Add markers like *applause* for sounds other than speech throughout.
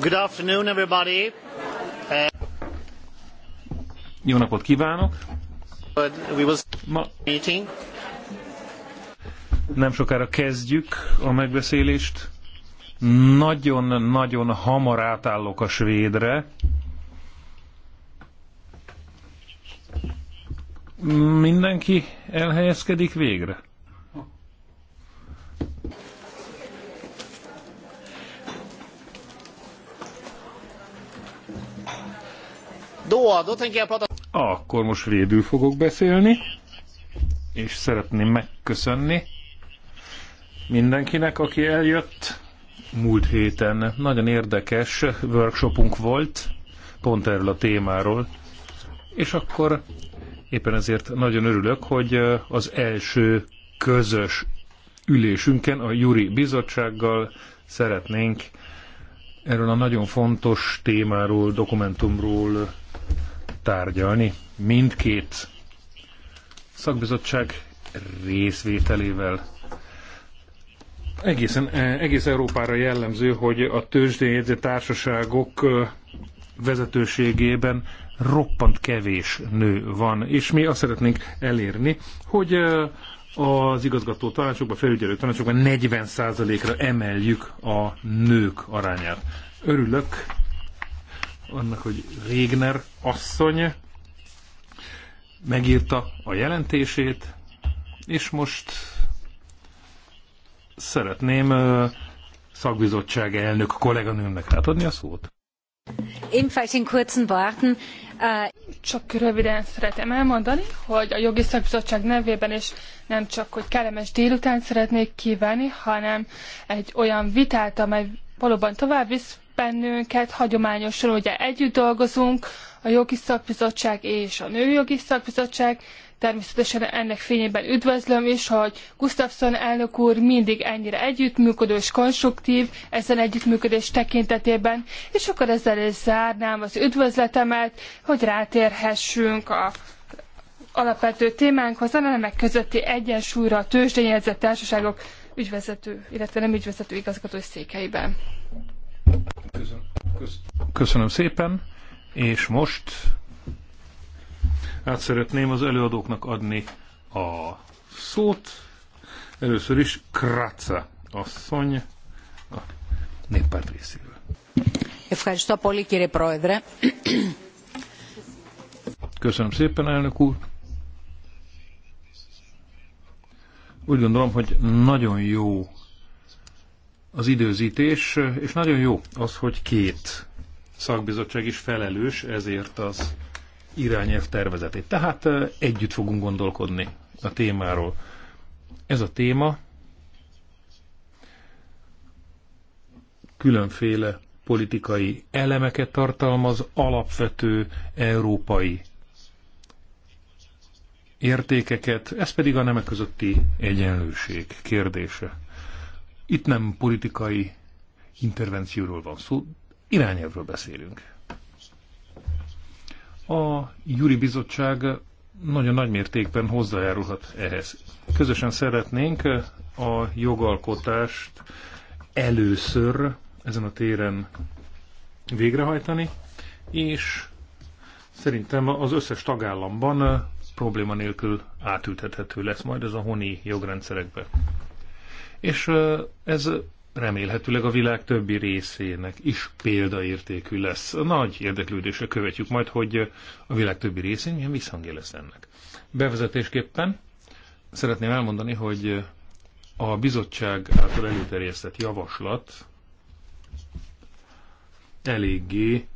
Good afternoon, everybody. Jó napot kívánok! Ma nem sokára kezdjük a megbeszélést. Nagyon-nagyon hamar átállok a svédre. Mindenki elhelyezkedik végre? Akkor most védül fogok beszélni, és szeretném megköszönni mindenkinek, aki eljött. Múlt héten nagyon érdekes workshopunk volt, pont erről a témáról, és akkor éppen ezért nagyon örülök, hogy az első közös ülésünken a Juri Bizottsággal szeretnénk erről a nagyon fontos témáról, dokumentumról tárgyalni mindkét szakbizottság részvételével. Egészen, e, egész Európára jellemző, hogy a tőzsdéjegyző társaságok e, vezetőségében roppant kevés nő van, és mi azt szeretnénk elérni, hogy e, az igazgató tanácsokban, felügyelő tanácsokban 40%-ra emeljük a nők arányát. Örülök annak, hogy Régner asszony megírta a jelentését, és most szeretném szakbizottság elnök kolléganőmnek átadni a szót. Ebenfalls in kurzen Worten. Äh, csak röviden szeretem elmondani, hogy a jogi szakbizottság nevében is nem csak, hogy kellemes délután szeretnék kívánni, hanem egy olyan vitát, amely valóban tovább visz bennünket, hagyományosan ugye együtt dolgozunk, a jogi szakbizottság és a nőjogi szakbizottság, Természetesen ennek fényében üdvözlöm is, hogy Gustafsson elnök úr mindig ennyire együttműködő és konstruktív ezen együttműködés tekintetében, és akkor ezzel is zárnám az üdvözletemet, hogy rátérhessünk a alapvető témánkhoz, a nemek közötti egyensúlyra a tőzsdényezett társaságok ügyvezető, illetve nem ügyvezető igazgató székeiben. Köszönöm, köszönöm szépen, és most át szeretném az előadóknak adni a szót. Először is Kratza asszony a néppárt részéről. Ευχαριστώ πολύ κύριε Πρόεδρε. Köszönöm szépen, elnök úr. Úgy gondolom, hogy nagyon jó az időzítés, és nagyon jó az, hogy két szakbizottság is felelős ezért az irányelv tervezetét. Tehát együtt fogunk gondolkodni a témáról. Ez a téma különféle politikai elemeket tartalmaz, alapvető európai értékeket, ez pedig a nemek közötti egyenlőség kérdése. Itt nem politikai intervencióról van szó, irányelvről beszélünk. A Júri Bizottság nagyon nagy mértékben hozzájárulhat ehhez. Közösen szeretnénk a jogalkotást először ezen a téren végrehajtani, és szerintem az összes tagállamban probléma nélkül átültethető lesz majd ez a honi jogrendszerekbe és ez remélhetőleg a világ többi részének is példaértékű lesz. Nagy érdeklődésre követjük majd, hogy a világ többi részén milyen visszhangja lesz ennek. Bevezetésképpen szeretném elmondani, hogy a bizottság által előterjesztett javaslat eléggé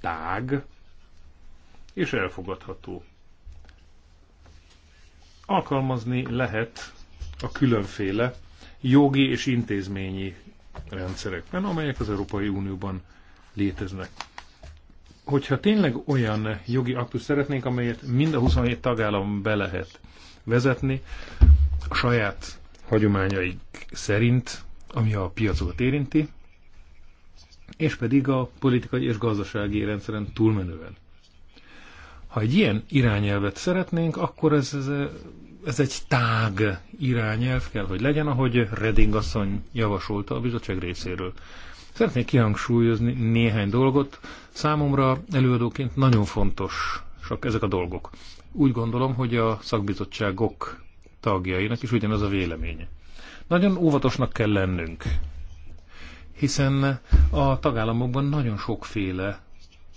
tág és elfogadható. Alkalmazni lehet a különféle jogi és intézményi rendszerekben, amelyek az Európai Unióban léteznek. Hogyha tényleg olyan jogi aktus szeretnénk, amelyet mind a 27 tagállam be lehet vezetni, a saját hagyományaik szerint, ami a piacokat érinti, és pedig a politikai és gazdasági rendszeren túlmenően. Ha egy ilyen irányelvet szeretnénk, akkor ez, ez ez egy tág irányelv kell, hogy legyen, ahogy Reding asszony javasolta a bizottság részéről. Szeretnék kihangsúlyozni néhány dolgot. Számomra előadóként nagyon fontos sok ezek a dolgok. Úgy gondolom, hogy a szakbizottságok tagjainak is ugyanaz a véleménye. Nagyon óvatosnak kell lennünk, hiszen a tagállamokban nagyon sokféle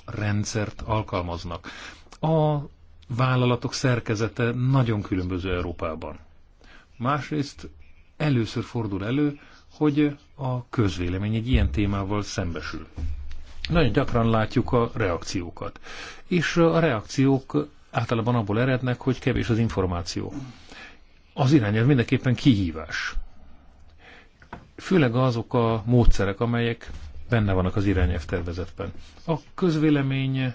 rendszert alkalmaznak. A vállalatok szerkezete nagyon különböző Európában. Másrészt először fordul elő, hogy a közvélemény egy ilyen témával szembesül. Nagyon gyakran látjuk a reakciókat. És a reakciók általában abból erednek, hogy kevés az információ. Az irányelv mindenképpen kihívás. Főleg azok a módszerek, amelyek benne vannak az irányelv tervezetben. A közvélemény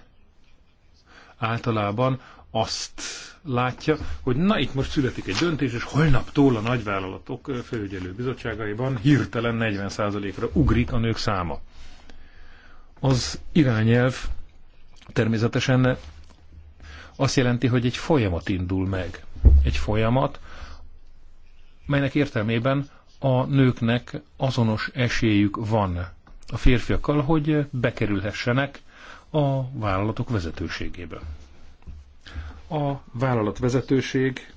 általában azt látja, hogy na itt most születik egy döntés, és holnaptól a nagyvállalatok főügyelő bizottságaiban hirtelen 40%-ra ugrik a nők száma. Az irányelv természetesen azt jelenti, hogy egy folyamat indul meg. Egy folyamat, melynek értelmében a nőknek azonos esélyük van a férfiakkal, hogy bekerülhessenek a vállalatok vezetőségébe. A vállalatvezetőség,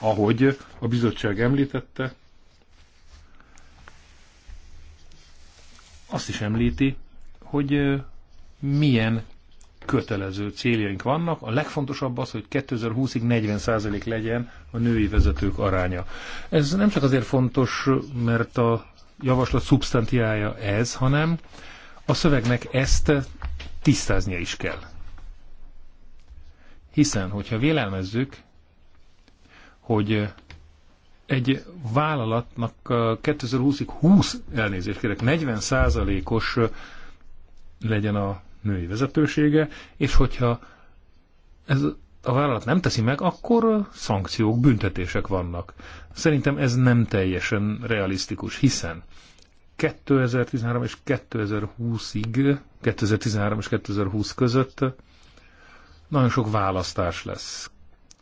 ahogy a bizottság említette, azt is említi, hogy milyen kötelező céljaink vannak. A legfontosabb az, hogy 2020-ig 40% legyen a női vezetők aránya. Ez nem csak azért fontos, mert a javaslat szubstantiája ez, hanem a szövegnek ezt tisztáznia is kell. Hiszen, hogyha vélelmezzük, hogy egy vállalatnak 2020-ig 20 elnézést kérek, 40%-os legyen a női vezetősége, és hogyha ez a vállalat nem teszi meg, akkor szankciók, büntetések vannak. Szerintem ez nem teljesen realisztikus, hiszen 2013 és 2020-ig, 2013 és 2020 között nagyon sok választás lesz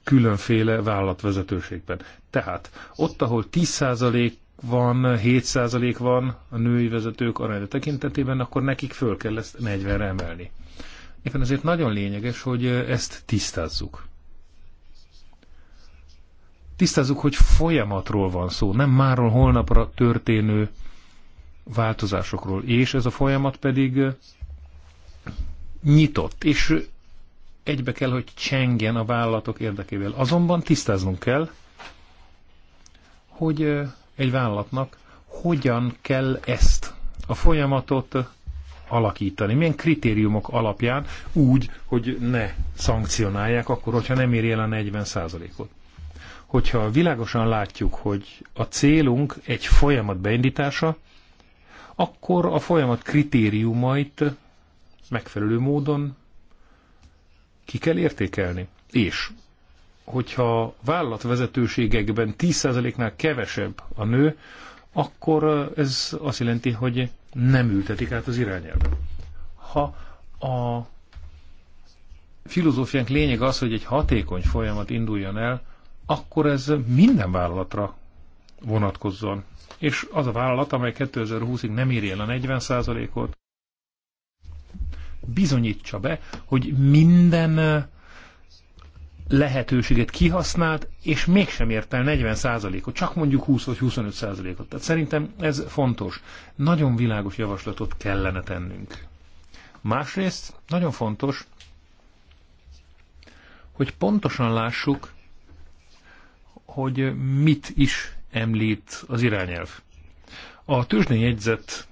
különféle vállalatvezetőségben. Tehát ott, ahol 10% van, 7% van a női vezetők aránya tekintetében, akkor nekik föl kell ezt 40-re emelni. Éppen ezért nagyon lényeges, hogy ezt tisztázzuk. Tisztázzuk, hogy folyamatról van szó, nem máról holnapra történő változásokról, és ez a folyamat pedig nyitott, és egybe kell, hogy csengjen a vállalatok érdekével. Azonban tisztáznunk kell, hogy egy vállalatnak hogyan kell ezt a folyamatot alakítani? Milyen kritériumok alapján úgy, hogy ne szankcionálják akkor, hogyha nem éri el a 40%-ot? Hogyha világosan látjuk, hogy a célunk egy folyamat beindítása, akkor a folyamat kritériumait megfelelő módon ki kell értékelni. És hogyha vállalatvezetőségekben 10%-nál kevesebb a nő, akkor ez azt jelenti, hogy nem ültetik át az irányelvet. Ha a filozófiánk lényeg az, hogy egy hatékony folyamat induljon el, akkor ez minden vállalatra vonatkozzon. És az a vállalat, amely 2020-ig nem éri el a 40%-ot, bizonyítsa be, hogy minden lehetőséget kihasznált, és mégsem ért el 40%-ot, csak mondjuk 20 vagy 25%-ot. Tehát szerintem ez fontos. Nagyon világos javaslatot kellene tennünk. Másrészt nagyon fontos, hogy pontosan lássuk, hogy mit is említ az irányelv. A tőzsdén jegyzett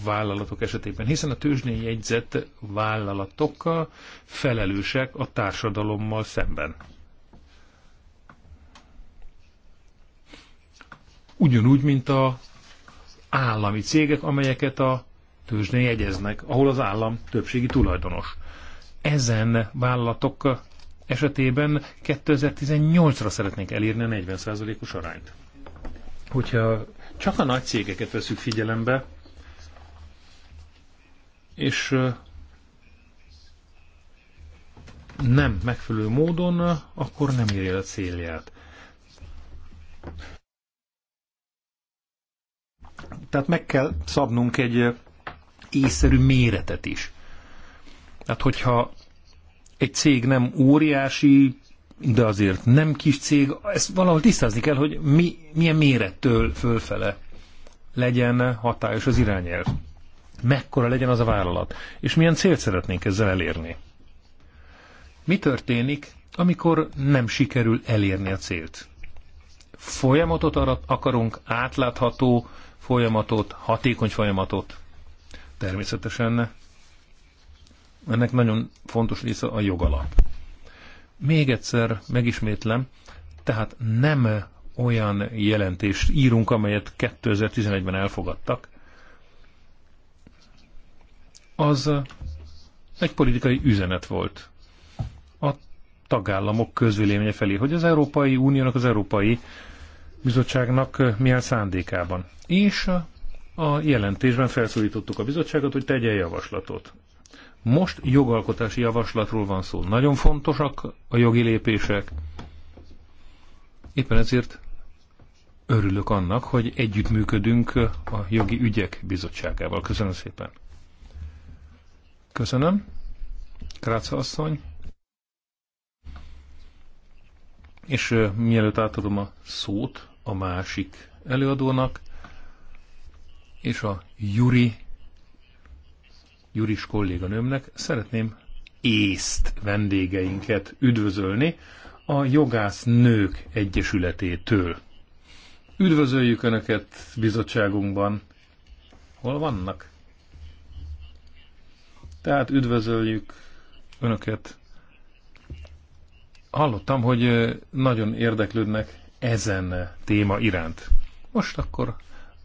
vállalatok esetében, hiszen a tőzsdén jegyzett vállalatokkal felelősek a társadalommal szemben. Ugyanúgy, mint a állami cégek, amelyeket a tőzsdén jegyeznek, ahol az állam többségi tulajdonos. Ezen vállalatok esetében 2018-ra szeretnénk elérni a 40%-os arányt. Hogyha csak a nagy cégeket veszük figyelembe, és nem megfelelő módon, akkor nem éri el a célját. Tehát meg kell szabnunk egy észszerű méretet is. Tehát hogyha egy cég nem óriási, de azért nem kis cég, ezt valahol tisztázni kell, hogy mi, milyen mérettől fölfele legyen hatályos az irányelv mekkora legyen az a vállalat, és milyen célt szeretnénk ezzel elérni. Mi történik, amikor nem sikerül elérni a célt? Folyamatot akarunk, átlátható folyamatot, hatékony folyamatot? Természetesen ennek nagyon fontos része a jogalap. Még egyszer megismétlem, tehát nem olyan jelentést írunk, amelyet 2011-ben elfogadtak, az egy politikai üzenet volt a tagállamok közvéleménye felé, hogy az Európai Uniónak, az Európai Bizottságnak milyen szándékában. És a jelentésben felszólítottuk a bizottságot, hogy tegye javaslatot. Most jogalkotási javaslatról van szó. Nagyon fontosak a jogi lépések. Éppen ezért örülök annak, hogy együttműködünk a jogi ügyek bizottságával. Köszönöm szépen. Köszönöm. Kráca asszony. És uh, mielőtt átadom a szót a másik előadónak, és a Juri, Juris kolléganőmnek szeretném észt vendégeinket üdvözölni a Jogász Nők Egyesületétől. Üdvözöljük Önöket bizottságunkban. Hol vannak? Tehát üdvözöljük Önöket. Hallottam, hogy nagyon érdeklődnek ezen téma iránt. Most akkor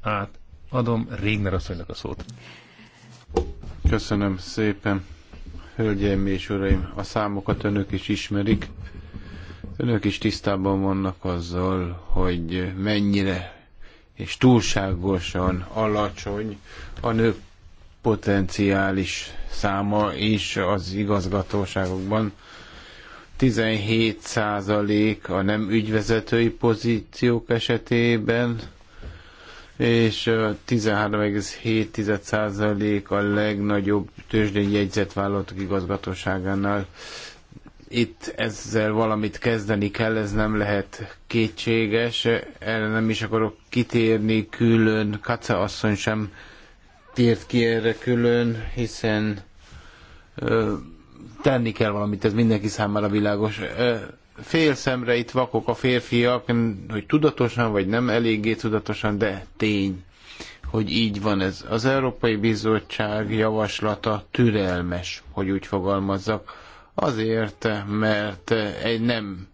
átadom Régner asszonynak a szót. Köszönöm szépen. Hölgyeim és uraim, a számokat önök is ismerik. Önök is tisztában vannak azzal, hogy mennyire és túlságosan alacsony a nők potenciális száma is az igazgatóságokban. 17% a nem ügyvezetői pozíciók esetében, és 13,7% a legnagyobb tőzsdei jegyzetvállalatok igazgatóságánál. Itt ezzel valamit kezdeni kell, ez nem lehet kétséges, erre nem is akarok kitérni külön, Kace asszony sem tért ki erre külön, hiszen ö, tenni kell valamit, ez mindenki számára világos. Ö, félszemre itt vakok a férfiak, hogy tudatosan vagy nem eléggé tudatosan, de tény, hogy így van ez. Az Európai Bizottság javaslata türelmes, hogy úgy fogalmazzak, azért, mert egy nem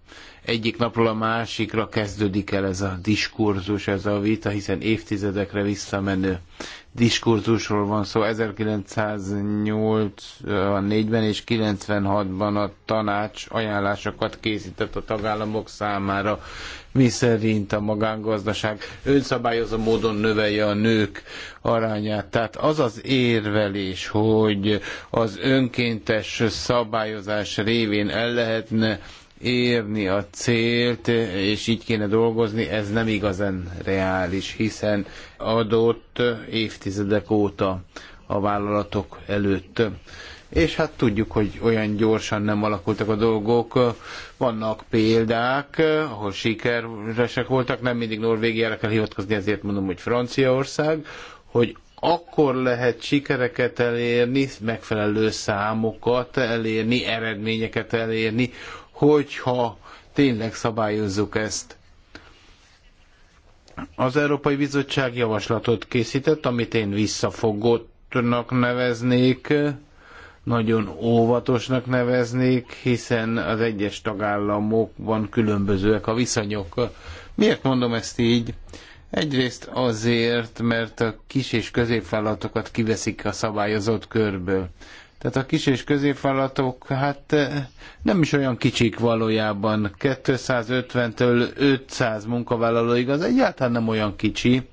egyik napról a másikra kezdődik el ez a diskurzus, ez a vita, hiszen évtizedekre visszamenő diskurzusról van szó. 1984-ben és 96-ban a tanács ajánlásokat készített a tagállamok számára, mi szerint a magángazdaság önszabályozó módon növelje a nők arányát. Tehát az az érvelés, hogy az önkéntes szabályozás révén el lehetne érni a célt, és így kéne dolgozni, ez nem igazán reális, hiszen adott évtizedek óta a vállalatok előtt. És hát tudjuk, hogy olyan gyorsan nem alakultak a dolgok. Vannak példák, ahol sikeresek voltak, nem mindig Norvégiára kell hivatkozni, ezért mondom, hogy Franciaország, hogy akkor lehet sikereket elérni, megfelelő számokat elérni, eredményeket elérni, hogyha tényleg szabályozzuk ezt. Az Európai Bizottság javaslatot készített, amit én visszafogottnak neveznék, nagyon óvatosnak neveznék, hiszen az egyes tagállamokban különbözőek a viszonyok. Miért mondom ezt így? Egyrészt azért, mert a kis és középvállalatokat kiveszik a szabályozott körből. Tehát a kis és középvállalatok, hát eh, nem is olyan kicsik valójában. 250-től 500 munkavállalóig az egyáltalán nem olyan kicsi.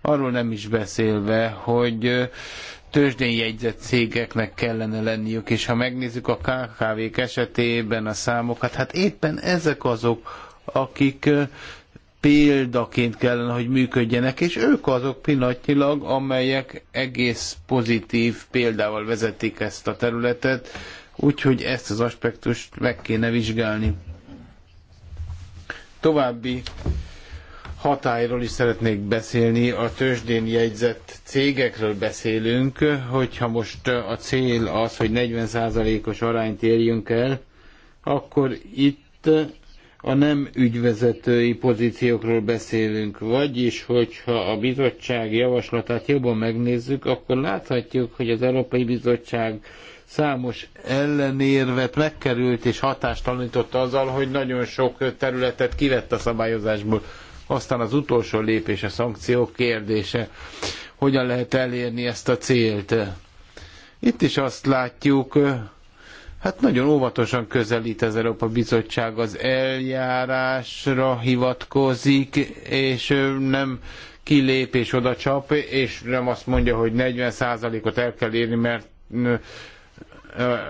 Arról nem is beszélve, hogy eh, tőzsdén jegyzett cégeknek kellene lenniük, és ha megnézzük a KKV-k esetében a számokat, hát éppen ezek azok, akik eh, példaként kellene, hogy működjenek, és ők azok pillanatnyilag, amelyek egész pozitív példával vezetik ezt a területet, úgyhogy ezt az aspektust meg kéne vizsgálni. További hatályról is szeretnék beszélni, a tőzsdén jegyzett cégekről beszélünk, hogyha most a cél az, hogy 40%-os arányt érjünk el, akkor itt a nem ügyvezetői pozíciókról beszélünk, vagyis hogyha a bizottság javaslatát jobban megnézzük, akkor láthatjuk, hogy az Európai Bizottság számos ellenérvet megkerült és hatástalanította azzal, hogy nagyon sok területet kivett a szabályozásból. Aztán az utolsó lépés a szankciók kérdése. Hogyan lehet elérni ezt a célt? Itt is azt látjuk, Hát nagyon óvatosan közelít az Európa Bizottság az eljárásra hivatkozik, és nem kilép és oda csap, és nem azt mondja, hogy 40%-ot el kell érni, mert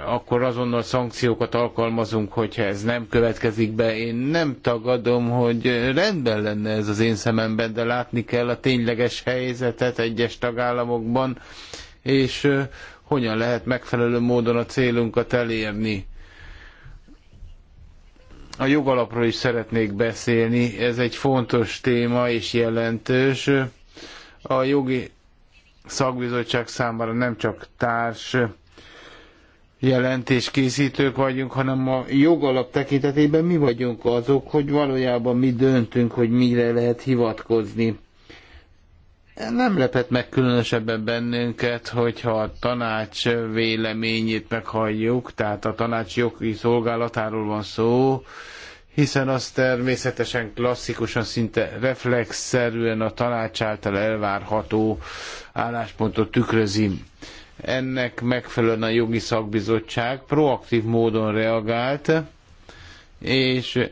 akkor azonnal szankciókat alkalmazunk, hogyha ez nem következik be. Én nem tagadom, hogy rendben lenne ez az én szememben, de látni kell a tényleges helyzetet egyes tagállamokban, és hogyan lehet megfelelő módon a célunkat elérni. A jogalapról is szeretnék beszélni, ez egy fontos téma és jelentős. A jogi szakbizottság számára nem csak társ jelentéskészítők vagyunk, hanem a jogalap tekintetében mi vagyunk azok, hogy valójában mi döntünk, hogy mire lehet hivatkozni nem lepett meg különösebben bennünket, hogyha a tanács véleményét meghalljuk, tehát a tanács jogi szolgálatáról van szó, hiszen az természetesen klasszikusan, szinte reflexzerűen a tanács által elvárható álláspontot tükrözi. Ennek megfelelően a jogi szakbizottság proaktív módon reagált, és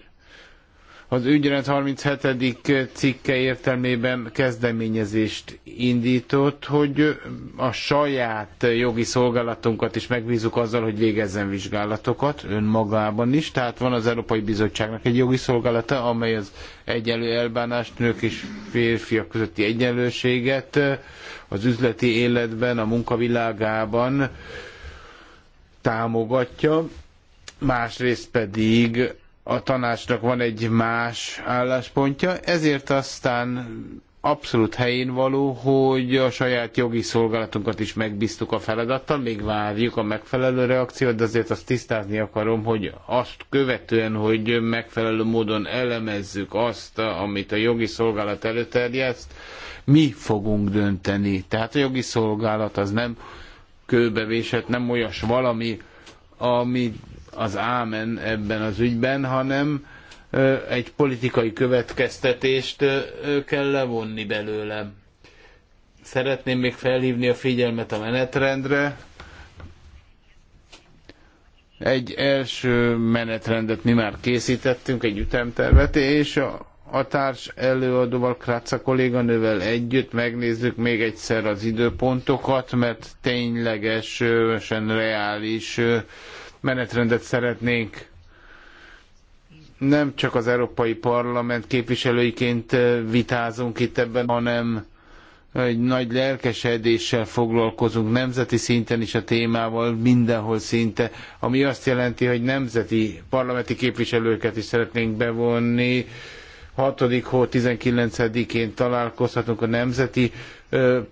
az ügyrend 37. cikke értelmében kezdeményezést indított, hogy a saját jogi szolgálatunkat is megbízunk azzal, hogy végezzen vizsgálatokat önmagában is. Tehát van az Európai Bizottságnak egy jogi szolgálata, amely az egyenlő elbánást, nők és férfiak közötti egyenlőséget az üzleti életben, a munkavilágában támogatja. Másrészt pedig a tanácsnak van egy más álláspontja, ezért aztán abszolút helyén való, hogy a saját jogi szolgálatunkat is megbíztuk a feladattal, még várjuk a megfelelő reakciót, de azért azt tisztázni akarom, hogy azt követően, hogy megfelelő módon elemezzük azt, amit a jogi szolgálat előterjeszt, mi fogunk dönteni. Tehát a jogi szolgálat az nem kőbevésett, nem olyas valami, ami az ámen ebben az ügyben, hanem egy politikai következtetést kell levonni belőle. Szeretném még felhívni a figyelmet a menetrendre. Egy első menetrendet mi már készítettünk, egy ütemtervet, és a, a társ előadóval, Kráca kolléganővel együtt megnézzük még egyszer az időpontokat, mert ténylegesen reális menetrendet szeretnénk nem csak az Európai Parlament képviselőiként eh, vitázunk itt ebben, hanem egy nagy lelkesedéssel foglalkozunk nemzeti szinten is a témával, mindenhol szinte, ami azt jelenti, hogy nemzeti parlamenti képviselőket is szeretnénk bevonni. 6. hó 19-én találkozhatunk a nemzeti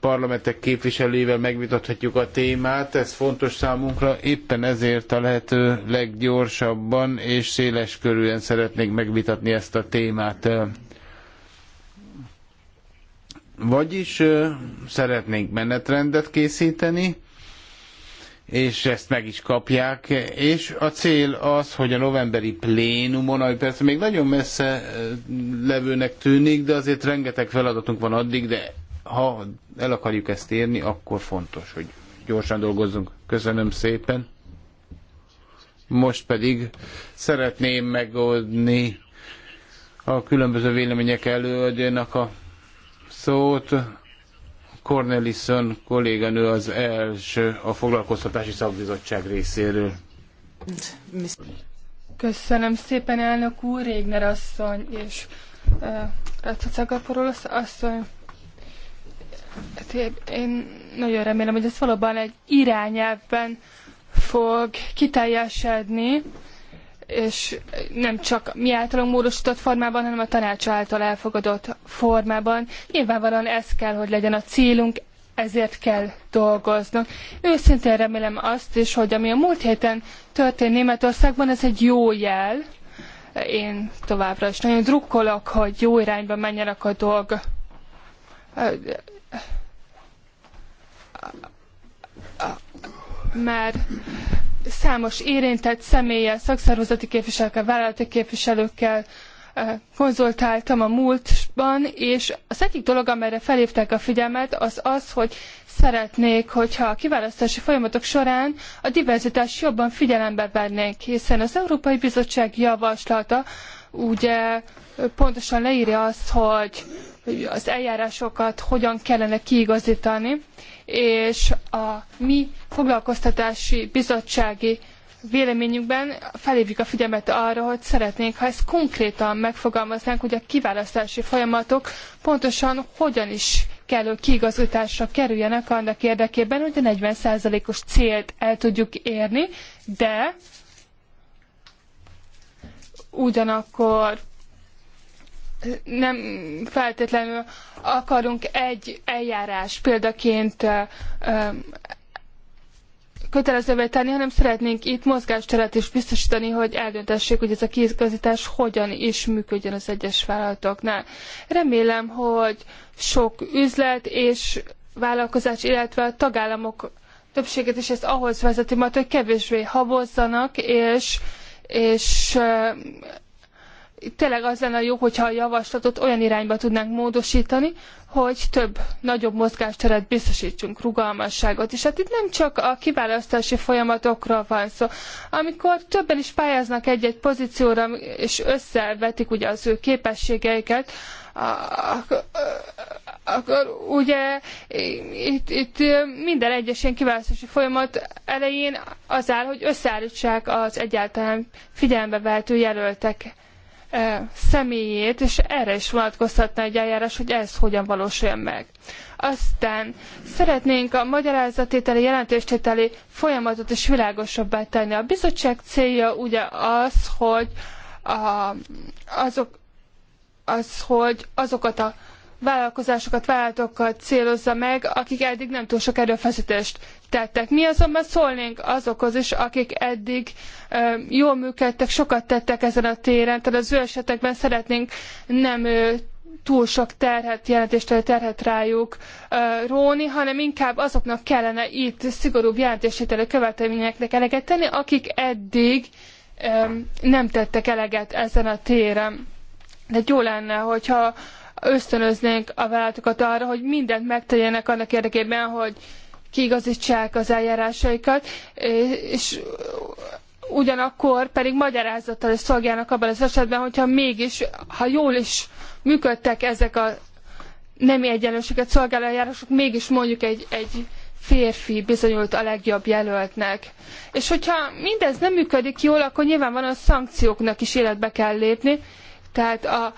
parlamentek képviselőivel megvitathatjuk a témát, ez fontos számunkra, éppen ezért a lehető leggyorsabban és széles körűen szeretnék megvitatni ezt a témát. Vagyis szeretnénk menetrendet készíteni, és ezt meg is kapják, és a cél az, hogy a novemberi plénumon, ami persze még nagyon messze levőnek tűnik, de azért rengeteg feladatunk van addig, de ha el akarjuk ezt érni, akkor fontos, hogy gyorsan dolgozzunk. Köszönöm szépen. Most pedig szeretném megoldni a különböző vélemények előadjának a szót. Cornelison kolléganő az első a foglalkoztatási szakbizottság részéről. Köszönöm szépen, elnök úr, Régner asszony és eh, Ratacagaporulosz asszony én nagyon remélem, hogy ez valóban egy irányelvben fog kiteljesedni, és nem csak mi általunk módosított formában, hanem a tanács által elfogadott formában. Nyilvánvalóan ez kell, hogy legyen a célunk, ezért kell dolgoznunk. Őszintén remélem azt is, hogy ami a múlt héten történt Németországban, ez egy jó jel. Én továbbra is nagyon drukkolok, hogy jó irányba menjenek a dolgok már számos érintett személlyel, szakszervezeti képviselőkkel, vállalati képviselőkkel konzultáltam a múltban, és az egyik dolog, amelyre felhívták a figyelmet, az az, hogy szeretnék, hogyha a kiválasztási folyamatok során a diverzitás jobban figyelembe vennénk, hiszen az Európai Bizottság javaslata ugye pontosan leírja azt, hogy az eljárásokat hogyan kellene kiigazítani, és a mi foglalkoztatási bizottsági véleményünkben felhívjuk a figyelmet arra, hogy szeretnénk, ha ezt konkrétan megfogalmaznánk, hogy a kiválasztási folyamatok pontosan hogyan is kellő kiigazításra kerüljenek annak érdekében, hogy a 40%-os célt el tudjuk érni, de ugyanakkor nem feltétlenül akarunk egy eljárás példaként kötelezővé tenni, hanem szeretnénk itt mozgásteret is biztosítani, hogy eldöntessék, hogy ez a kiigazítás hogyan is működjön az egyes vállalatoknál. Remélem, hogy sok üzlet és vállalkozás, illetve a tagállamok többséget is ezt ahhoz vezeti majd, hogy kevésbé habozzanak, és, és tényleg az lenne jó, hogyha a javaslatot olyan irányba tudnánk módosítani, hogy több, nagyobb mozgásteret biztosítsunk, rugalmasságot. És hát itt nem csak a kiválasztási folyamatokra van szó. Amikor többen is pályáznak egy-egy pozícióra, és összevetik ugye az ő képességeiket, akkor ugye itt, itt minden egyes ilyen kiválasztási folyamat elején az áll, hogy összeállítsák az egyáltalán figyelembe vehető jelöltek személyét, és erre is vonatkozhatna egy eljárás, hogy ez hogyan valósuljon meg. Aztán szeretnénk a magyarázattételi, jelentéstételi folyamatot is világosabbá tenni. A bizottság célja ugye az, hogy a, azok, az, hogy azokat a vállalkozásokat, vállalatokat célozza meg, akik eddig nem túl sok erőfeszítést tettek. Mi azonban szólnénk azokhoz is, akik eddig e, jól működtek, sokat tettek ezen a téren, tehát az ő esetekben szeretnénk nem e, túl sok terhet, jelentéstől terhet rájuk róni, hanem inkább azoknak kellene itt szigorúbb jelentéstételő követelményeknek eleget tenni, akik eddig nem tettek eleget ezen a téren. De jó lenne, hogyha ösztönöznénk a vállalatokat arra, hogy mindent megtegyenek annak érdekében, hogy kiigazítsák az eljárásaikat, és ugyanakkor pedig magyarázattal is szolgálnak abban az esetben, hogyha mégis, ha jól is működtek ezek a nemi egyenlőséget szolgáló eljárások, mégis mondjuk egy, egy férfi bizonyult a legjobb jelöltnek. És hogyha mindez nem működik jól, akkor nyilvánvalóan a szankcióknak is életbe kell lépni, tehát a,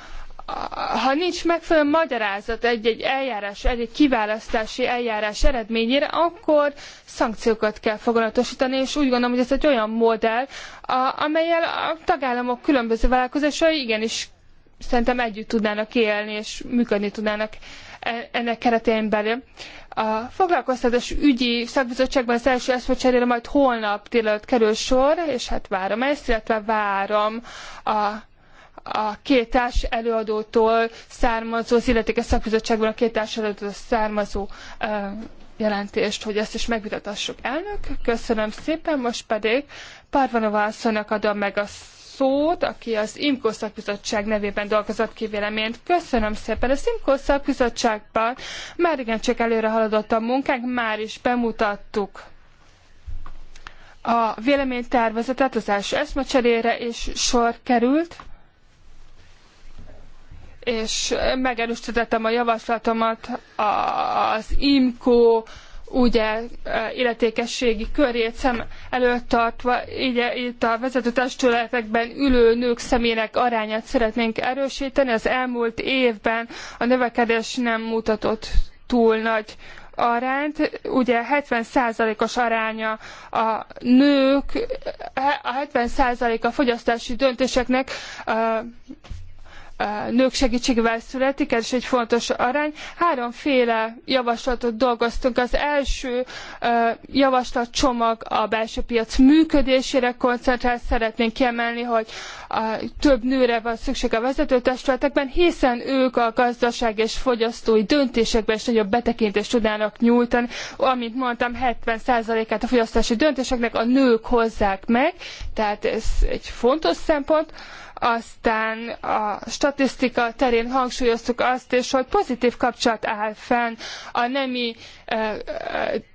ha nincs megfelelő magyarázat egy-egy eljárás, egy-egy kiválasztási eljárás eredményére, akkor szankciókat kell foganatosítani, és úgy gondolom, hogy ez egy olyan modell, a, amelyel a tagállamok különböző vállalkozásai igenis szerintem együtt tudnának élni, és működni tudnának e, ennek keretein belül. A foglalkoztatás ügyi szakbizottságban az első eszmecserére majd holnap délelőtt kerül sor, és hát várom ezt, illetve várom a a két társ előadótól származó, az illetékes szakbizottságban a két társ előadótól származó jelentést, hogy ezt is megvitatassuk. Elnök, köszönöm szépen, most pedig Párvanovászonnak adom meg a szót, aki az IMKO szakbizottság nevében dolgozott ki véleményt. Köszönöm szépen. Az IMKO szakbizottságban már igen csak előre haladott a munkánk, már is bemutattuk a véleménytervezetet az első eszmecserére, és sor került és megerősítettem a javaslatomat az IMCO ugye e, illetékességi körét szem előtt tartva, így itt a vezetőtestületekben ülő nők személynek arányát szeretnénk erősíteni. Az elmúlt évben a növekedés nem mutatott túl nagy arányt, ugye 70%-os aránya a nők, e, a 70% a fogyasztási döntéseknek e, nők segítségével születik, ez is egy fontos arány. Háromféle javaslatot dolgoztunk. Az első javaslatcsomag a belső piac működésére koncentrál. Szeretnénk kiemelni, hogy több nőre van szükség a vezetőtestületekben, hiszen ők a gazdaság és fogyasztói döntésekben is nagyobb betekintést tudnának nyújtani. Amint mondtam, 70%-át a fogyasztási döntéseknek a nők hozzák meg, tehát ez egy fontos szempont aztán a statisztika terén hangsúlyoztuk azt is, hogy pozitív kapcsolat áll fenn a nemi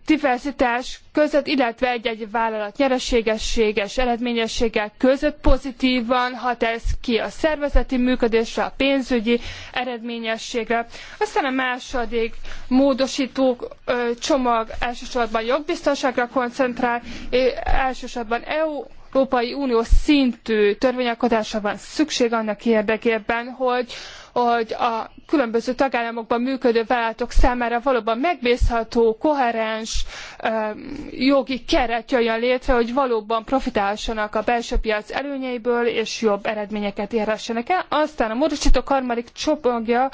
diverzitás között, illetve egy-egy vállalat nyereségességes eredményessége között pozitívan hat ez ki a szervezeti működésre, a pénzügyi eredményességre. Aztán a második módosító csomag elsősorban jogbiztonságra koncentrál, elsősorban EU Európai Unió szintű törvényalkotásra van szükség annak érdekében, hogy hogy a különböző tagállamokban működő vállalatok számára valóban megbízható, koherens jogi keret jöjjön létre, hogy valóban profitálhassanak a belső piac előnyeiből, és jobb eredményeket érhessenek el. Aztán a módosító harmadik csopagja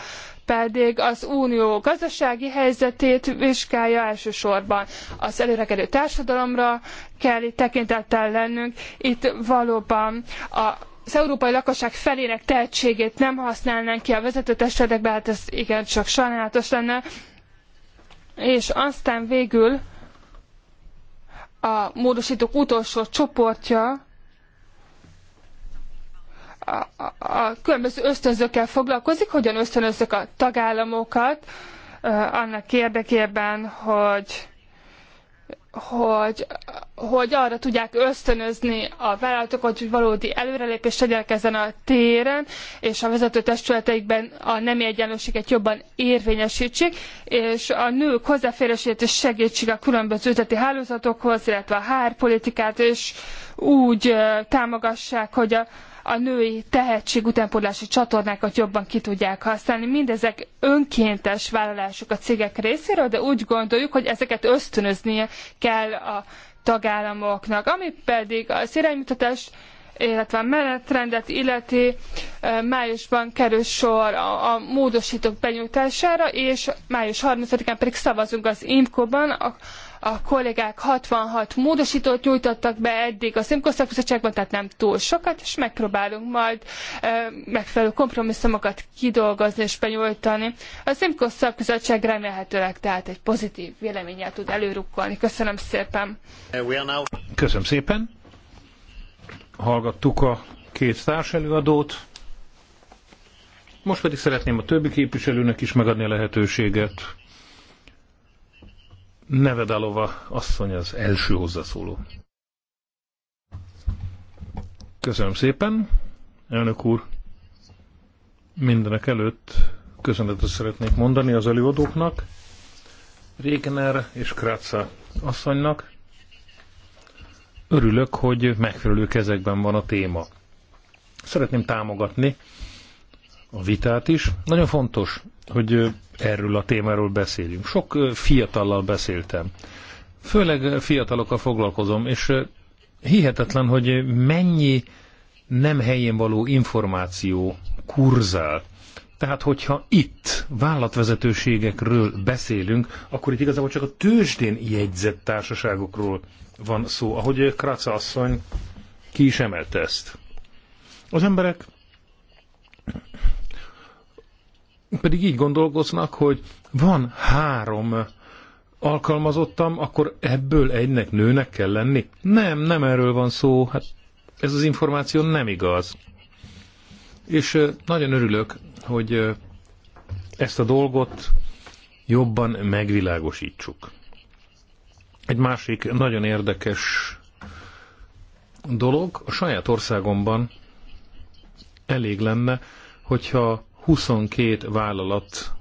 pedig az unió gazdasági helyzetét vizsgálja elsősorban. Az előrekedő társadalomra kell itt tekintettel lennünk. Itt valóban a az európai lakosság felének tehetségét nem használnánk ki a vezetőtestületekbe, hát ez igen csak sajnálatos lenne. És aztán végül a módosítók utolsó csoportja a, a, a különböző ösztönzőkkel foglalkozik, hogyan ösztönözzük a tagállamokat annak érdekében, hogy hogy, hogy arra tudják ösztönözni a vállalatokat, hogy valódi előrelépést tegyenek ezen a téren, és a vezető testületeikben a nemi egyenlőséget jobban érvényesítsék, és a nők hozzáférését is segítsék a különböző üzleti hálózatokhoz, illetve a politikát, és úgy támogassák, hogy a a női tehetség utánpótlási csatornákat jobban ki tudják használni. Mindezek önkéntes vállalások a cégek részéről, de úgy gondoljuk, hogy ezeket ösztönöznie kell a tagállamoknak. Ami pedig az iránymutatás illetve a menetrendet illeti májusban kerül sor a, a módosítók benyújtására, és május 30-án pedig szavazunk az IMCO-ban, a kollégák 66 módosítót nyújtottak be eddig a Szimkoszakbizottságban, tehát nem túl sokat, és megpróbálunk majd e, megfelelő kompromisszumokat kidolgozni és benyújtani. A Szimkoszakbizottság remélhetőleg tehát egy pozitív véleménnyel tud előrukkolni. Köszönöm szépen! Uh, Köszönöm szépen! Hallgattuk a két társelőadót. Most pedig szeretném a többi képviselőnek is megadni a lehetőséget, Nevedalova asszony az első hozzászóló. Köszönöm szépen, elnök úr. Mindenek előtt köszönetet szeretnék mondani az előadóknak, Régener és Kráca asszonynak. Örülök, hogy megfelelő kezekben van a téma. Szeretném támogatni a vitát is. Nagyon fontos, hogy erről a témáról beszéljünk. Sok fiatallal beszéltem. Főleg fiatalokkal foglalkozom, és hihetetlen, hogy mennyi nem helyén való információ kurzál. Tehát, hogyha itt vállalatvezetőségekről beszélünk, akkor itt igazából csak a tőzsdén jegyzett társaságokról van szó, ahogy Kraca asszony ki is emelte ezt. Az emberek pedig így gondolkoznak, hogy van három alkalmazottam, akkor ebből egynek nőnek kell lenni? Nem, nem erről van szó, hát ez az információ nem igaz. És nagyon örülök, hogy ezt a dolgot jobban megvilágosítsuk. Egy másik nagyon érdekes dolog, a saját országomban elég lenne, hogyha 22 vállalat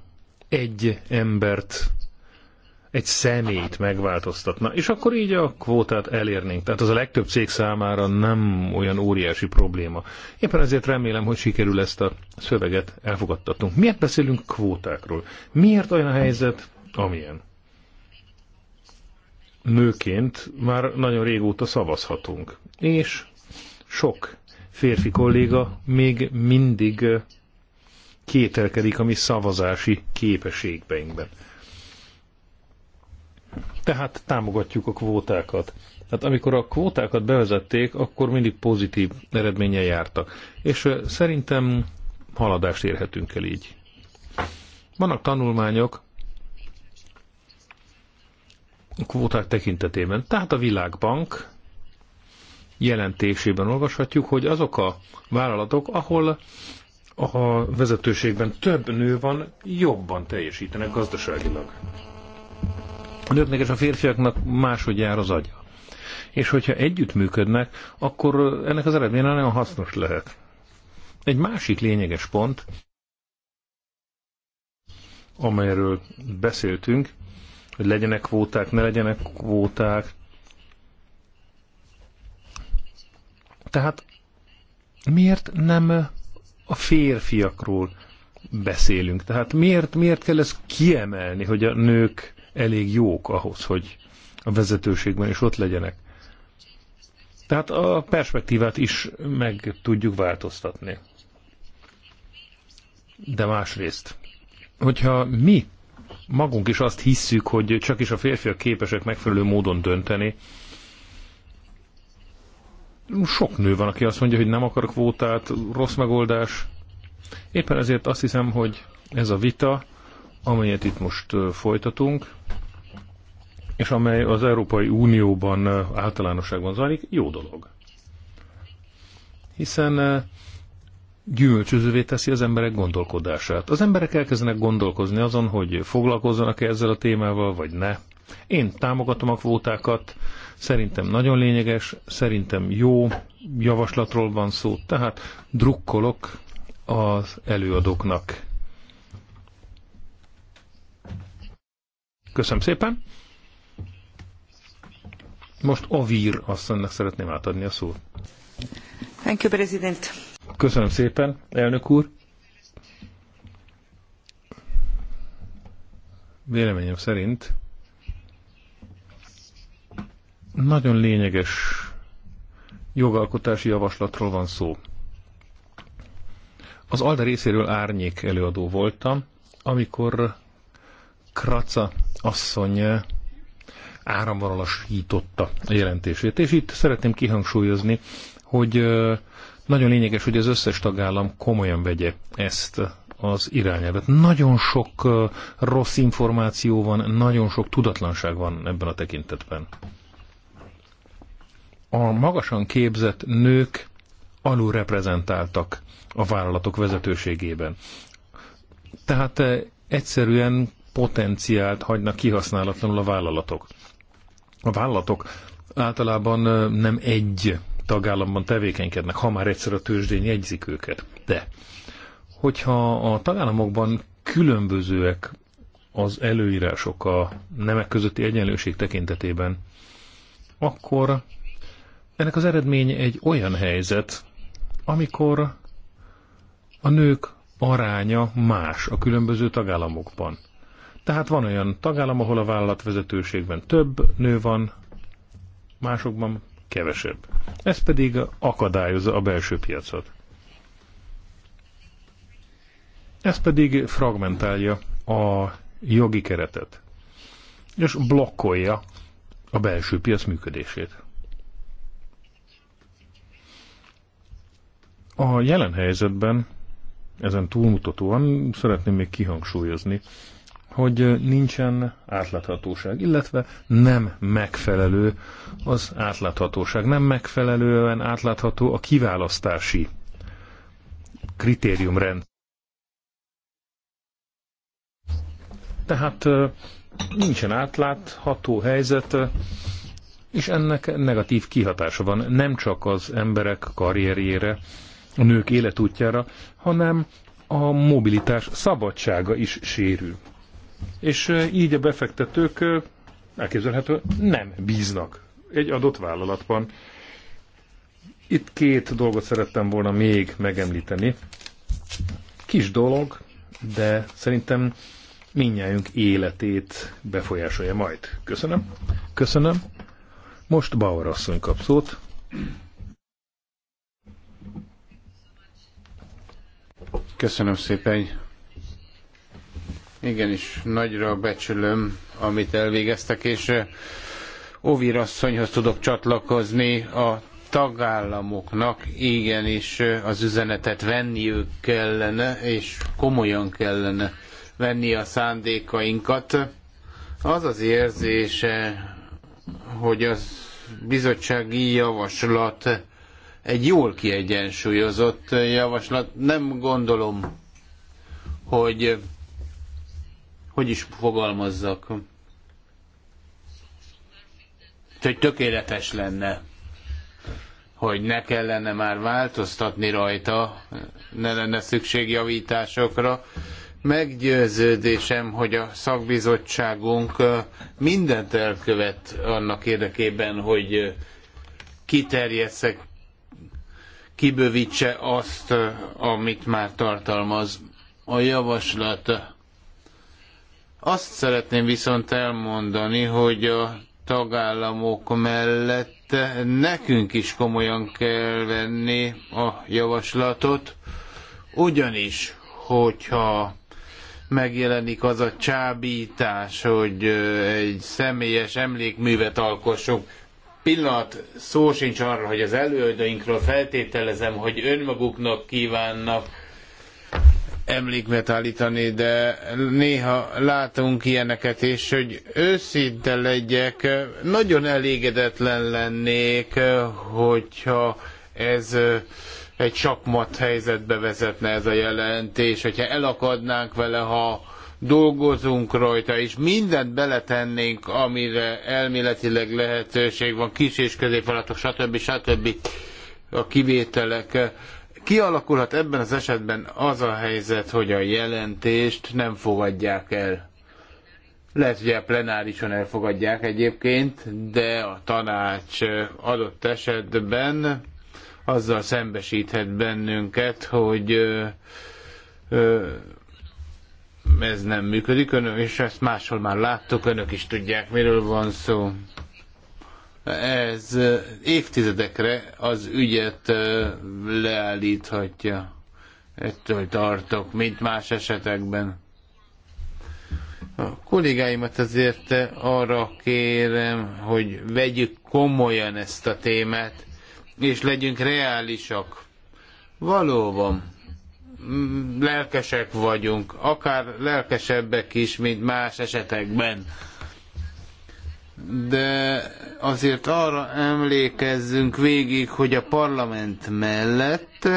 egy embert, egy személyt megváltoztatna, és akkor így a kvótát elérnénk. Tehát az a legtöbb cég számára nem olyan óriási probléma. Éppen ezért remélem, hogy sikerül ezt a szöveget elfogadtatnunk. Miért beszélünk kvótákról? Miért olyan a helyzet, amilyen? Nőként már nagyon régóta szavazhatunk, és sok férfi kolléga még mindig kételkedik a mi szavazási képességeinkben. Tehát támogatjuk a kvótákat. Tehát amikor a kvótákat bevezették, akkor mindig pozitív eredménye jártak. És szerintem haladást érhetünk el így. Vannak tanulmányok a kvóták tekintetében. Tehát a Világbank jelentésében olvashatjuk, hogy azok a vállalatok, ahol a vezetőségben több nő van, jobban teljesítenek gazdaságilag. A nőknek és a férfiaknak máshogy jár az agya. És hogyha együttműködnek, akkor ennek az eredménye nagyon hasznos lehet. Egy másik lényeges pont, amelyről beszéltünk, hogy legyenek kvóták, ne legyenek kvóták. Tehát miért nem a férfiakról beszélünk. Tehát miért, miért kell ezt kiemelni, hogy a nők elég jók ahhoz, hogy a vezetőségben is ott legyenek? Tehát a perspektívát is meg tudjuk változtatni. De másrészt, hogyha mi magunk is azt hisszük, hogy csak is a férfiak képesek megfelelő módon dönteni, sok nő van, aki azt mondja, hogy nem akar kvótát, rossz megoldás. Éppen ezért azt hiszem, hogy ez a vita, amelyet itt most folytatunk, és amely az Európai Unióban általánosságban zajlik, jó dolog. Hiszen gyümölcsözővé teszi az emberek gondolkodását. Az emberek elkezdenek gondolkozni azon, hogy foglalkozzanak-e ezzel a témával, vagy ne. Én támogatom a kvótákat, szerintem nagyon lényeges, szerintem jó javaslatról van szó, tehát drukkolok az előadóknak. Köszönöm szépen! Most Avir asszonynak szeretném átadni a szót. Thank you, President. Köszönöm szépen, elnök úr. Véleményem szerint nagyon lényeges jogalkotási javaslatról van szó. Az Alda részéről árnyék előadó voltam, amikor Kraca asszony áramvonalasította a jelentését. És itt szeretném kihangsúlyozni, hogy nagyon lényeges, hogy az összes tagállam komolyan vegye ezt az irányelvet. Nagyon sok rossz információ van, nagyon sok tudatlanság van ebben a tekintetben a magasan képzett nők alulreprezentáltak a vállalatok vezetőségében. Tehát eh, egyszerűen potenciált hagynak kihasználatlanul a vállalatok. A vállalatok általában eh, nem egy tagállamban tevékenykednek, ha már egyszer a tőzsdén jegyzik őket. De hogyha a tagállamokban különbözőek az előírások a nemek közötti egyenlőség tekintetében, akkor ennek az eredménye egy olyan helyzet, amikor a nők aránya más a különböző tagállamokban. Tehát van olyan tagállam, ahol a vállalatvezetőségben több nő van, másokban kevesebb. Ez pedig akadályozza a belső piacot. Ez pedig fragmentálja a jogi keretet, és blokkolja a belső piac működését. A jelen helyzetben ezen túlmutatóan szeretném még kihangsúlyozni, hogy nincsen átláthatóság, illetve nem megfelelő az átláthatóság. Nem megfelelően átlátható a kiválasztási kritériumrend. Tehát nincsen átlátható helyzet, és ennek negatív kihatása van nem csak az emberek karrierjére, a nők életútjára, hanem a mobilitás szabadsága is sérül. És így a befektetők elképzelhető nem bíznak egy adott vállalatban. Itt két dolgot szerettem volna még megemlíteni. Kis dolog, de szerintem minnyájunk életét befolyásolja majd. Köszönöm. Köszönöm. Most Bauer asszony kap szót. Köszönöm szépen. Igenis, nagyra becsülöm, amit elvégeztek, és eh, Ovir asszonyhoz tudok csatlakozni a tagállamoknak igenis eh, az üzenetet venniük kellene, és komolyan kellene venni a szándékainkat. Az az érzése, hogy az bizottsági javaslat egy jól kiegyensúlyozott javaslat. Nem gondolom, hogy hogy is fogalmazzak, hogy tökéletes lenne, hogy ne kellene már változtatni rajta, ne lenne szükség javításokra. Meggyőződésem, hogy a szakbizottságunk mindent elkövet annak érdekében, hogy kiterjesszek kibővítse azt, amit már tartalmaz a javaslat. Azt szeretném viszont elmondani, hogy a tagállamok mellett nekünk is komolyan kell venni a javaslatot, ugyanis, hogyha megjelenik az a csábítás, hogy egy személyes emlékművet alkossunk pillanat szó sincs arra, hogy az előadóinkról feltételezem, hogy önmaguknak kívánnak emlékmet állítani, de néha látunk ilyeneket, és hogy őszinte legyek, nagyon elégedetlen lennék, hogyha ez egy sakmat helyzetbe vezetne ez a jelentés, hogyha elakadnánk vele, ha dolgozunk rajta, és mindent beletennénk, amire elméletileg lehetőség van, kis és középvállalatok, stb. stb. a kivételek. Kialakulhat ebben az esetben az a helyzet, hogy a jelentést nem fogadják el. Lehet, hogy a plenárison elfogadják egyébként, de a tanács adott esetben azzal szembesíthet bennünket, hogy ez nem működik, és ezt máshol már láttuk, önök is tudják, miről van szó. Ez évtizedekre az ügyet leállíthatja. Ettől tartok, mint más esetekben. A kollégáimat azért arra kérem, hogy vegyük komolyan ezt a témát, és legyünk reálisak. Valóban lelkesek vagyunk, akár lelkesebbek is, mint más esetekben. De azért arra emlékezzünk végig, hogy a parlament mellett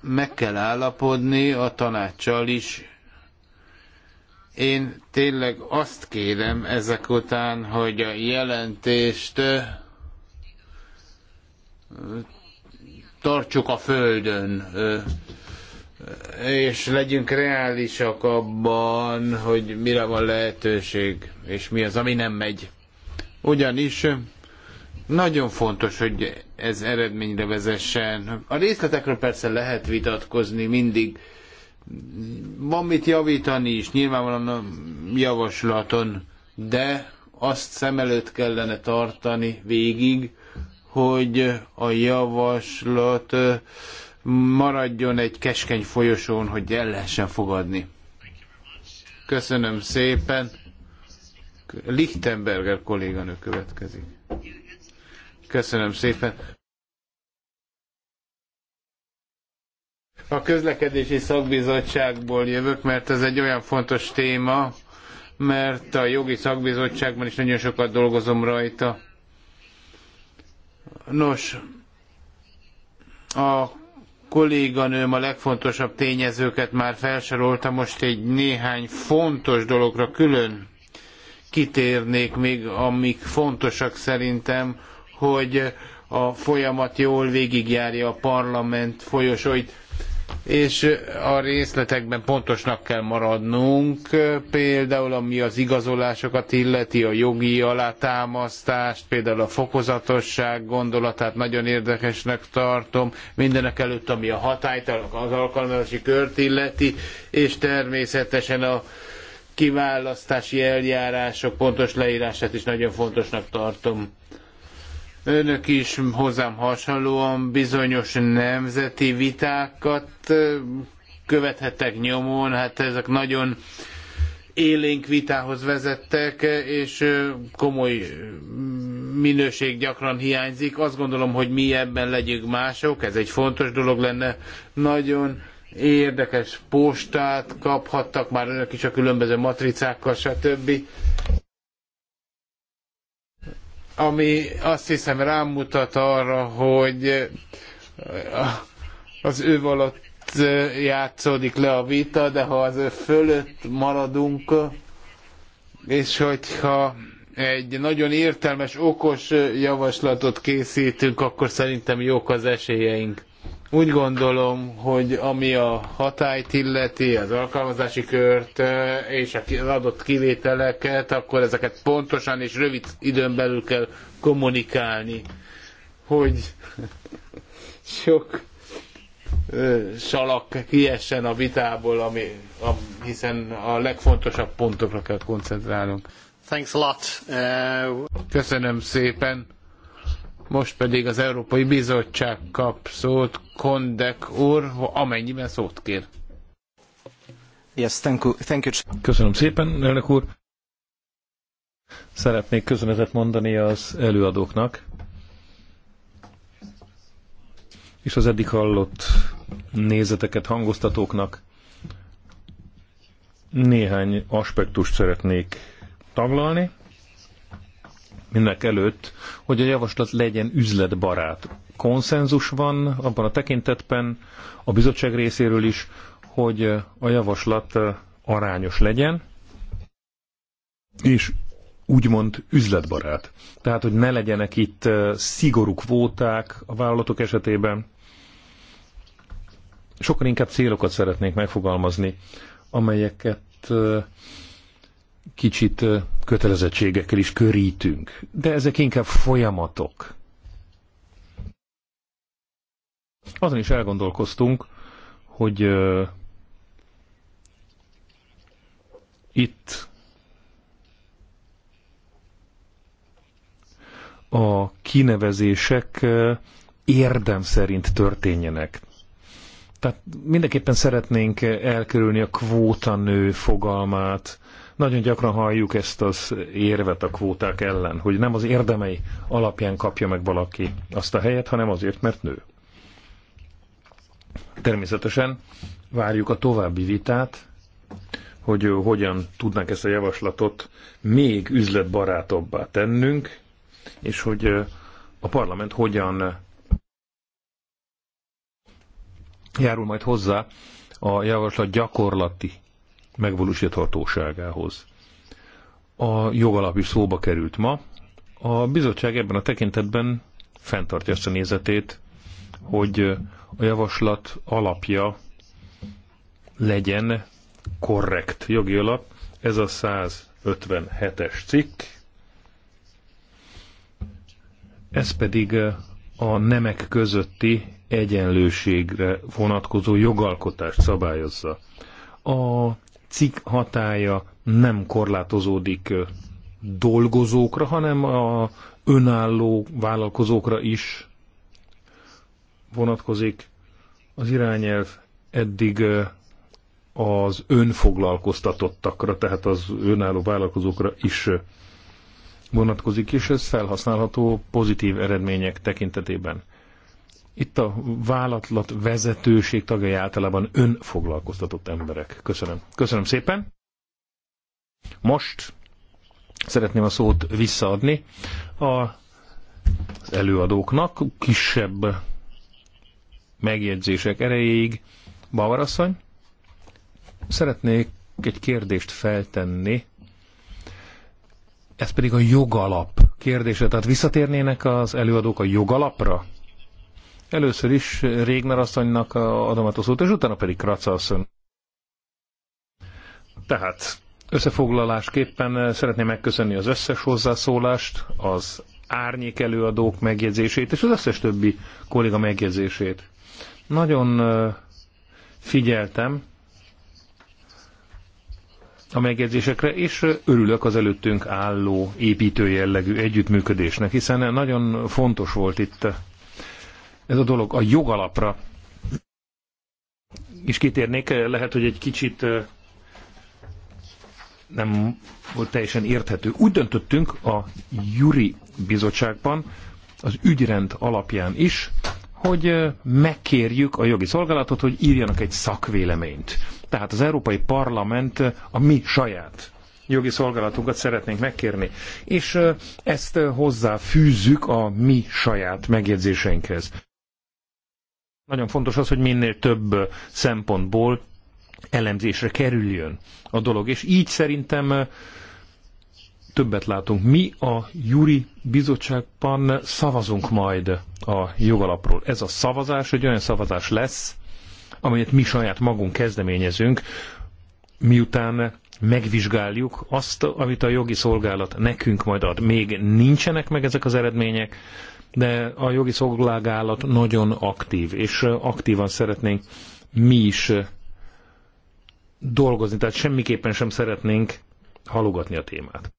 meg kell állapodni a tanácssal is. Én tényleg azt kérem ezek után, hogy a jelentést tartsuk a földön és legyünk reálisak abban, hogy mire van lehetőség, és mi az, ami nem megy. Ugyanis nagyon fontos, hogy ez eredményre vezessen. A részletekről persze lehet vitatkozni mindig. Van mit javítani is, nyilvánvalóan a javaslaton, de azt szem előtt kellene tartani végig, hogy a javaslat maradjon egy keskeny folyosón, hogy el lehessen fogadni. Köszönöm szépen. Lichtenberger kolléganő következik. Köszönöm szépen. A közlekedési szakbizottságból jövök, mert ez egy olyan fontos téma, mert a jogi szakbizottságban is nagyon sokat dolgozom rajta. Nos, a kolléganőm a legfontosabb tényezőket már felsorolta, most egy néhány fontos dologra külön kitérnék még, amik fontosak szerintem, hogy a folyamat jól végigjárja a parlament folyosóit és a részletekben pontosnak kell maradnunk, például ami az igazolásokat illeti, a jogi alátámasztást, például a fokozatosság gondolatát nagyon érdekesnek tartom, mindenek előtt, ami a hatálytalanok az alkalmazási kört illeti, és természetesen a kiválasztási eljárások pontos leírását is nagyon fontosnak tartom Önök is hozzám hasonlóan bizonyos nemzeti vitákat követhettek nyomon, hát ezek nagyon élénk vitához vezettek, és komoly minőség gyakran hiányzik. Azt gondolom, hogy mi ebben legyünk mások, ez egy fontos dolog lenne. Nagyon érdekes postát kaphattak már önök is a különböző matricákkal, stb ami azt hiszem rámutat arra, hogy az ő alatt játszódik le a vita, de ha az ő fölött maradunk, és hogyha egy nagyon értelmes, okos javaslatot készítünk, akkor szerintem jók az esélyeink. Úgy gondolom, hogy ami a hatályt illeti, az alkalmazási kört eh, és az adott kivételeket, akkor ezeket pontosan és rövid időn belül kell kommunikálni, hogy *laughs* sok eh, salak kiessen a vitából, ami, a, hiszen a legfontosabb pontokra kell koncentrálnunk. Thanks a lot. Uh... Köszönöm szépen. Most pedig az Európai Bizottság kap szót, Kondek úr, amennyiben szót kér. Yes, thank you. Thank you. Köszönöm szépen, elnök úr. Szeretnék köszönetet mondani az előadóknak, és az eddig hallott nézeteket hangoztatóknak. Néhány aspektust szeretnék taglalni mindenek előtt, hogy a javaslat legyen üzletbarát. Konszenzus van abban a tekintetben, a bizottság részéről is, hogy a javaslat arányos legyen, és úgymond üzletbarát. Tehát, hogy ne legyenek itt szigorú kvóták a vállalatok esetében. Sokkal inkább célokat szeretnék megfogalmazni, amelyeket kicsit kötelezettségekkel is körítünk, de ezek inkább folyamatok. Azon is elgondolkoztunk, hogy uh, itt a kinevezések uh, érdem szerint történjenek. Tehát mindenképpen szeretnénk elkerülni a kvótanő fogalmát, uh, nagyon gyakran halljuk ezt az érvet a kvóták ellen, hogy nem az érdemei alapján kapja meg valaki azt a helyet, hanem azért, mert nő. Természetesen várjuk a további vitát, hogy hogyan tudnánk ezt a javaslatot még üzletbarátabbá tennünk, és hogy a parlament hogyan járul majd hozzá a javaslat gyakorlati megvalósíthatóságához. A jogalap is szóba került ma. A bizottság ebben a tekintetben fenntartja ezt a nézetét, hogy a javaslat alapja legyen korrekt jogi alap. Ez a 157-es cikk. Ez pedig a nemek közötti egyenlőségre vonatkozó jogalkotást szabályozza. A cikk hatája nem korlátozódik dolgozókra, hanem a önálló vállalkozókra is vonatkozik. Az irányelv eddig az önfoglalkoztatottakra, tehát az önálló vállalkozókra is vonatkozik, és ez felhasználható pozitív eredmények tekintetében. Itt a vállalat vezetőség tagjai általában önfoglalkoztatott emberek. Köszönöm. Köszönöm szépen. Most szeretném a szót visszaadni az előadóknak kisebb megjegyzések erejéig. Bavarasszony, szeretnék egy kérdést feltenni, ez pedig a jogalap kérdése. Tehát visszatérnének az előadók a jogalapra? Először is Régner asszonynak adom a szót, és utána pedig Kraca asszony. Tehát összefoglalásképpen szeretném megköszönni az összes hozzászólást, az árnyék előadók megjegyzését, és az összes többi kolléga megjegyzését. Nagyon figyeltem a megjegyzésekre, és örülök az előttünk álló építő jellegű együttműködésnek, hiszen nagyon fontos volt itt ez a dolog a jogalapra is kitérnék, lehet, hogy egy kicsit nem volt teljesen érthető. Úgy döntöttünk a Juri bizottságban, az ügyrend alapján is, hogy megkérjük a jogi szolgálatot, hogy írjanak egy szakvéleményt. Tehát az Európai Parlament a mi saját jogi szolgálatunkat szeretnénk megkérni. És ezt hozzáfűzzük a mi saját megjegyzéseinkhez. Nagyon fontos az, hogy minél több szempontból elemzésre kerüljön a dolog, és így szerintem többet látunk. Mi a Juri Bizottságban szavazunk majd a jogalapról. Ez a szavazás egy olyan szavazás lesz, amelyet mi saját magunk kezdeményezünk, miután megvizsgáljuk azt, amit a jogi szolgálat nekünk majd ad. Még nincsenek meg ezek az eredmények, de a jogi szolgálat nagyon aktív, és aktívan szeretnénk mi is dolgozni, tehát semmiképpen sem szeretnénk halogatni a témát.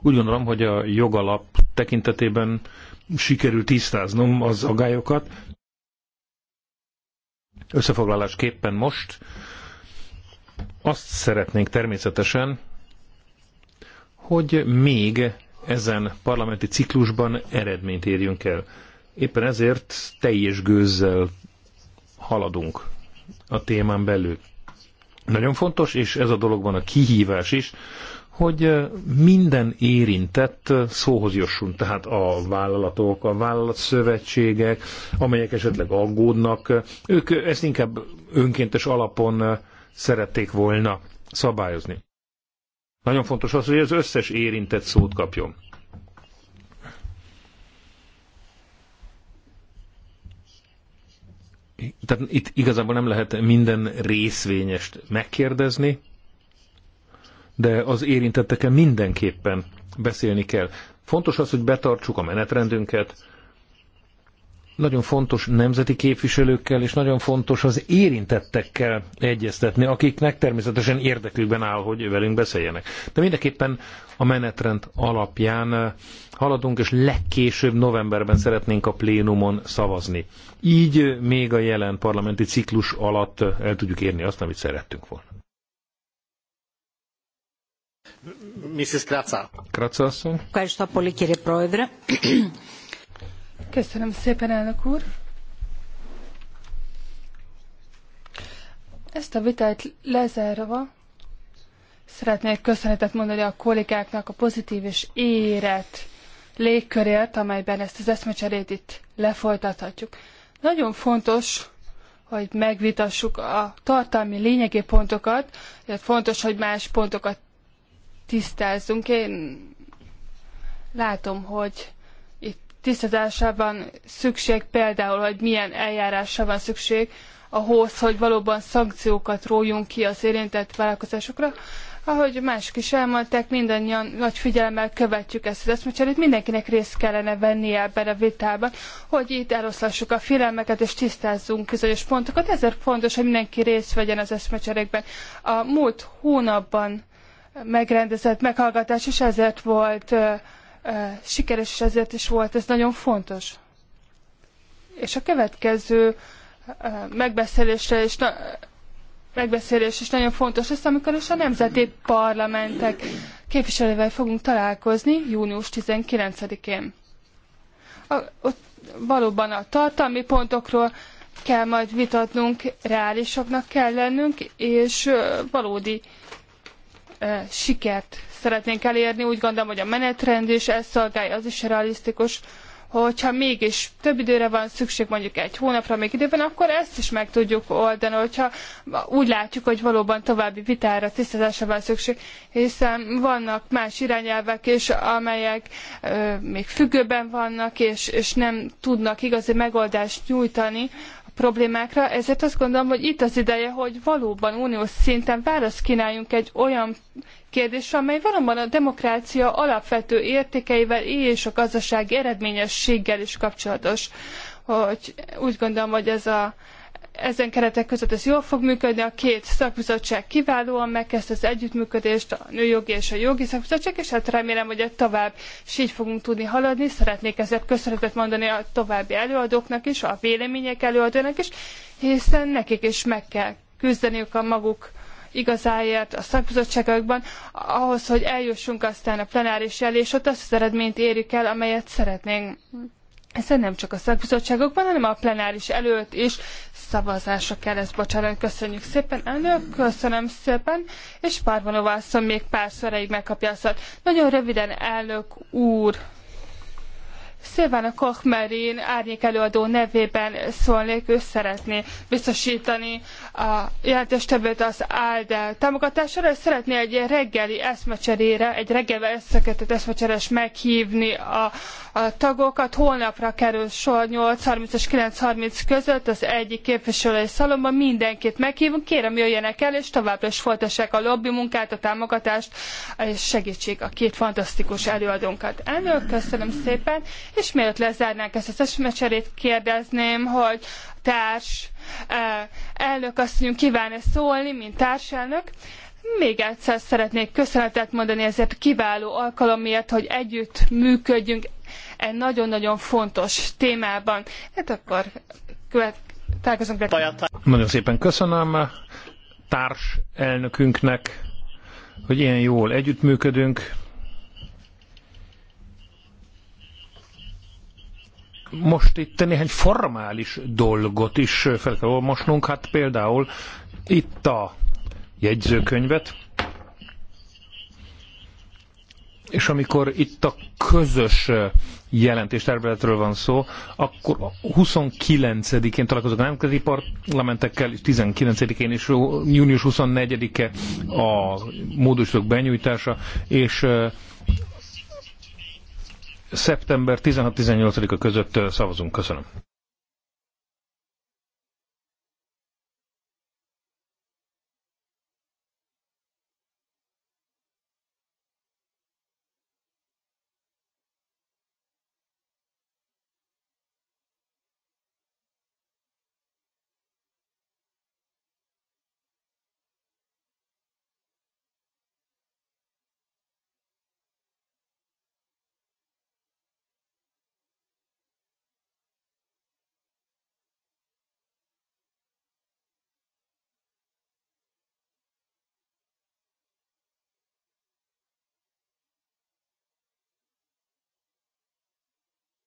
Úgy gondolom, hogy a jogalap tekintetében sikerült tisztáznom az agályokat. Összefoglalásképpen most azt szeretnénk természetesen, hogy még ezen parlamenti ciklusban eredményt érjünk el. Éppen ezért teljes gőzzel haladunk a témán belül. Nagyon fontos, és ez a dologban a kihívás is, hogy minden érintett szóhoz jusson, tehát a vállalatok, a vállalatszövetségek, amelyek esetleg aggódnak, ők ezt inkább önkéntes alapon szerették volna szabályozni. Nagyon fontos az, hogy az összes érintett szót kapjon. Tehát itt igazából nem lehet minden részvényest megkérdezni, de az érintetteken mindenképpen beszélni kell. Fontos az, hogy betartsuk a menetrendünket, nagyon fontos nemzeti képviselőkkel, és nagyon fontos az érintettekkel egyeztetni, akiknek természetesen érdekükben áll, hogy velünk beszéljenek. De mindenképpen a menetrend alapján eh, haladunk, és legkésőbb novemberben szeretnénk a plénumon szavazni. Így eh, még a jelen parlamenti ciklus alatt eh, el tudjuk érni azt, amit szerettünk volna. Mrs. Kratza. Kratza asszony. Köszönöm, Köszönöm szépen, elnök úr. Ezt a vitát lezárva szeretnék köszönetet mondani a kollégáknak a pozitív és érett légkörért, amelyben ezt az eszmecserét itt lefolytathatjuk. Nagyon fontos, hogy megvitassuk a tartalmi lényegi pontokat, fontos, hogy más pontokat tisztázzunk. Én látom, hogy Tisztázásában van szükség, például, hogy milyen eljárásra van szükség ahhoz, hogy valóban szankciókat rójunk ki az érintett vállalkozásokra. Ahogy mások is elmondták, mindannyian nagy figyelemmel követjük ezt az eszmecserét, mindenkinek részt kellene vennie ebben a vitában, hogy itt eloszlassuk a félelmeket és tisztázzunk bizonyos pontokat. Ezért fontos, hogy mindenki részt vegyen az eszmecserékben. A múlt hónapban megrendezett meghallgatás is ezért volt uh, sikeres, és ezért is volt ez nagyon fontos. És a következő megbeszélésre is megbeszélés is nagyon fontos lesz, amikor is a nemzeti parlamentek képviselővel fogunk találkozni június 19-én. ott valóban a tartalmi pontokról kell majd vitatnunk, reálisoknak kell lennünk, és valódi sikert szeretnénk elérni. Úgy gondolom, hogy a menetrend is ezt szolgálja, az is realisztikus. Hogyha mégis több időre van szükség, mondjuk egy hónapra még időben, akkor ezt is meg tudjuk oldani, hogyha úgy látjuk, hogy valóban további vitára, tisztázásra van szükség, hiszen vannak más irányelvek is, amelyek ö, még függőben vannak, és, és nem tudnak igazi megoldást nyújtani problémákra, ezért azt gondolom, hogy itt az ideje, hogy valóban uniós szinten választ kínáljunk egy olyan kérdésre, amely valóban a demokrácia alapvető értékeivel és a gazdasági eredményességgel is kapcsolatos. Hogy úgy gondolom, hogy ez a ezen keretek között ez jól fog működni, a két szakbizottság kiválóan megkezdte az együttműködést, a nőjogi és a jogi szakbizottság, és hát remélem, hogy ott tovább is így fogunk tudni haladni. Szeretnék ezért köszönetet mondani a további előadóknak is, a vélemények előadónak is, hiszen nekik is meg kell küzdeniük a maguk igazáért a szakbizottságokban, ahhoz, hogy eljussunk aztán a plenáris elé, és ott azt az eredményt érjük el, amelyet szeretnénk hiszen nem csak a szakbizottságokban, hanem a plenáris előtt is szavazásra kell ezt bocsánat. Köszönjük szépen, elnök, köszönöm szépen, és Parvanovászon még pár szereig megkapja a szót. Nagyon röviden, elnök úr, Szilvána Kochmerin árnyék előadó nevében szólnék, ő szeretné biztosítani a jelentéstevőt az ALDE támogatására, és szeretné egy reggeli eszmecserére, egy reggeli összekötött eszmecseres meghívni a, a tagokat. Holnapra kerül sor 8.30 és 9.30 között az egyik képviselői szalomban. Mindenkit meghívunk, kérem jöjjenek el, és továbbra is folytassák a lobby munkát, a támogatást, és segítség a két fantasztikus előadónkat. Elnök, köszönöm szépen, és mielőtt lezárnánk ezt az eszmecserét, kérdezném, hogy társ elnök asszonyunk kíván-e szólni, mint társelnök. Még egyszer szeretnék köszönetet mondani ezért a kiváló alkalomért, hogy együtt működjünk egy nagyon-nagyon fontos témában. Hát akkor követ, találkozunk. Nagyon szépen köszönöm társ elnökünknek, hogy ilyen jól együttműködünk. most itt néhány formális dolgot is fel kell olvasnunk, hát például itt a jegyzőkönyvet, és amikor itt a közös jelentés tervezetről van szó, akkor a 29-én találkozok a nemzeti parlamentekkel, és 19-én és június 24-e a módosítók benyújtása, és szeptember 16-18-a között szavazunk. Köszönöm.